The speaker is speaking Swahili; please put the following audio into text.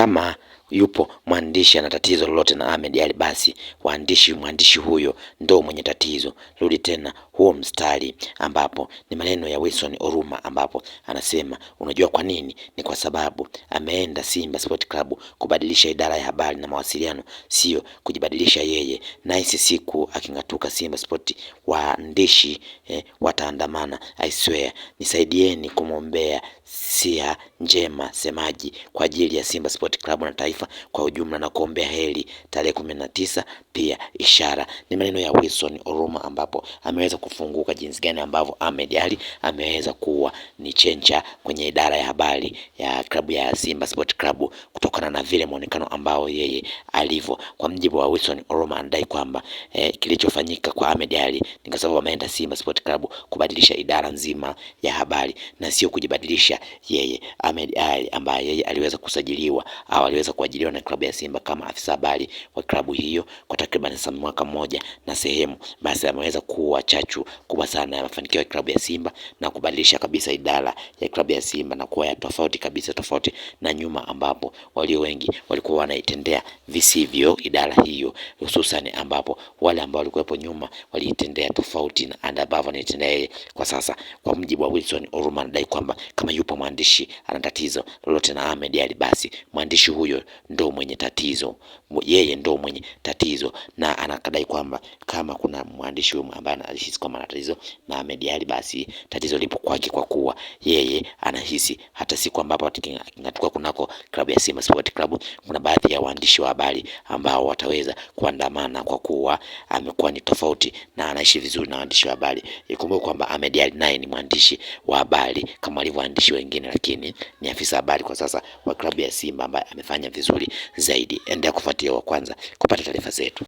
kama yupo mwandishi ana tatizo lolote na Ahmed Ally, basi waandishi, mwandishi huyo ndo mwenye tatizo. Rudi tena huo mstari ambapo ni maneno ya Wilson Oruma, ambapo anasema unajua kwa nini? Ni kwa sababu ameenda Simba Sport Club kubadilisha idara ya habari na mawasiliano, sio kujibadilisha yeye. Na hisi siku aking'atuka Simba Sport, waandishi eh, wataandamana. I swear, nisaidieni kumwombea sia njema semaji kwa ajili ya Simba Sport Sport Club na taifa kwa ujumla na kuombea heri tarehe kumi na tisa. Pia ishara ni maneno ya Wilson Oruma, ambapo ameweza kufunguka jinsi gani ambavyo Ahmed Ally ameweza kuwa ni chencha kwenye idara ya habari ya klabu ya Simba Sport Club kutokana na vile mwonekano ambao yeye alivyo. Kwa mjibu wa Wilson Oruma, anadai kwamba eh, kilichofanyika kwa Ahmed Ally ni kwa sababu ameenda Simba Sport Club kubadilisha idara nzima ya habari na sio kujibadilisha yeye Ahmed Ally ambaye yeye aliweza kusajiliwa waliweza kuajiriwa na klabu ya Simba kama afisa habari wa klabu hiyo kwa takriban mwaka mmoja na sehemu, basi ameweza kuwa chachu kubwa sana ya mafanikio ya klabu ya Simba na kubadilisha kabisa idara ya klabu ya Simba na kuwa ya tofauti kabisa, tofauti na nyuma ambapo walio wengi walikuwa wanaitendea visivyo idara hiyo, hususan ambapo wale ambao walikuwepo nyuma waliitendea tofauti na ambavyo wanaitendea yeye kwa sasa. Kwa mjibu wa Wilson Oruma, anadai kwamba kama yupo mwandishi ana tatizo lolote na Ahmed Ally, basi mwandishi mwandishi huyo ndo mwenye tatizo, yeye ndo mwenye tatizo, na anakadai kwamba kama kuna mwandishi huyo ambaye anahisi kwamba tatizo na Ali, basi tatizo lipo kwake, kwa kuwa yeye anahisi. Hata siku ambapo kingatuka kunako klabu ya Simba Sport Club, kuna baadhi ya waandishi wa habari ambao wataweza kuandamana kwa kuwa amekuwa ni tofauti na anaishi vizuri na waandishi wa habari. Ikumbuke kwamba Ahmed Ali naye ni mwandishi wa habari kama walivyo waandishi wengine, lakini ni afisa habari kwa sasa wa klabu ya Simba ambaye amefanya vizuri zaidi. Endelea kufuatilia wa kwanza kupata taarifa zetu.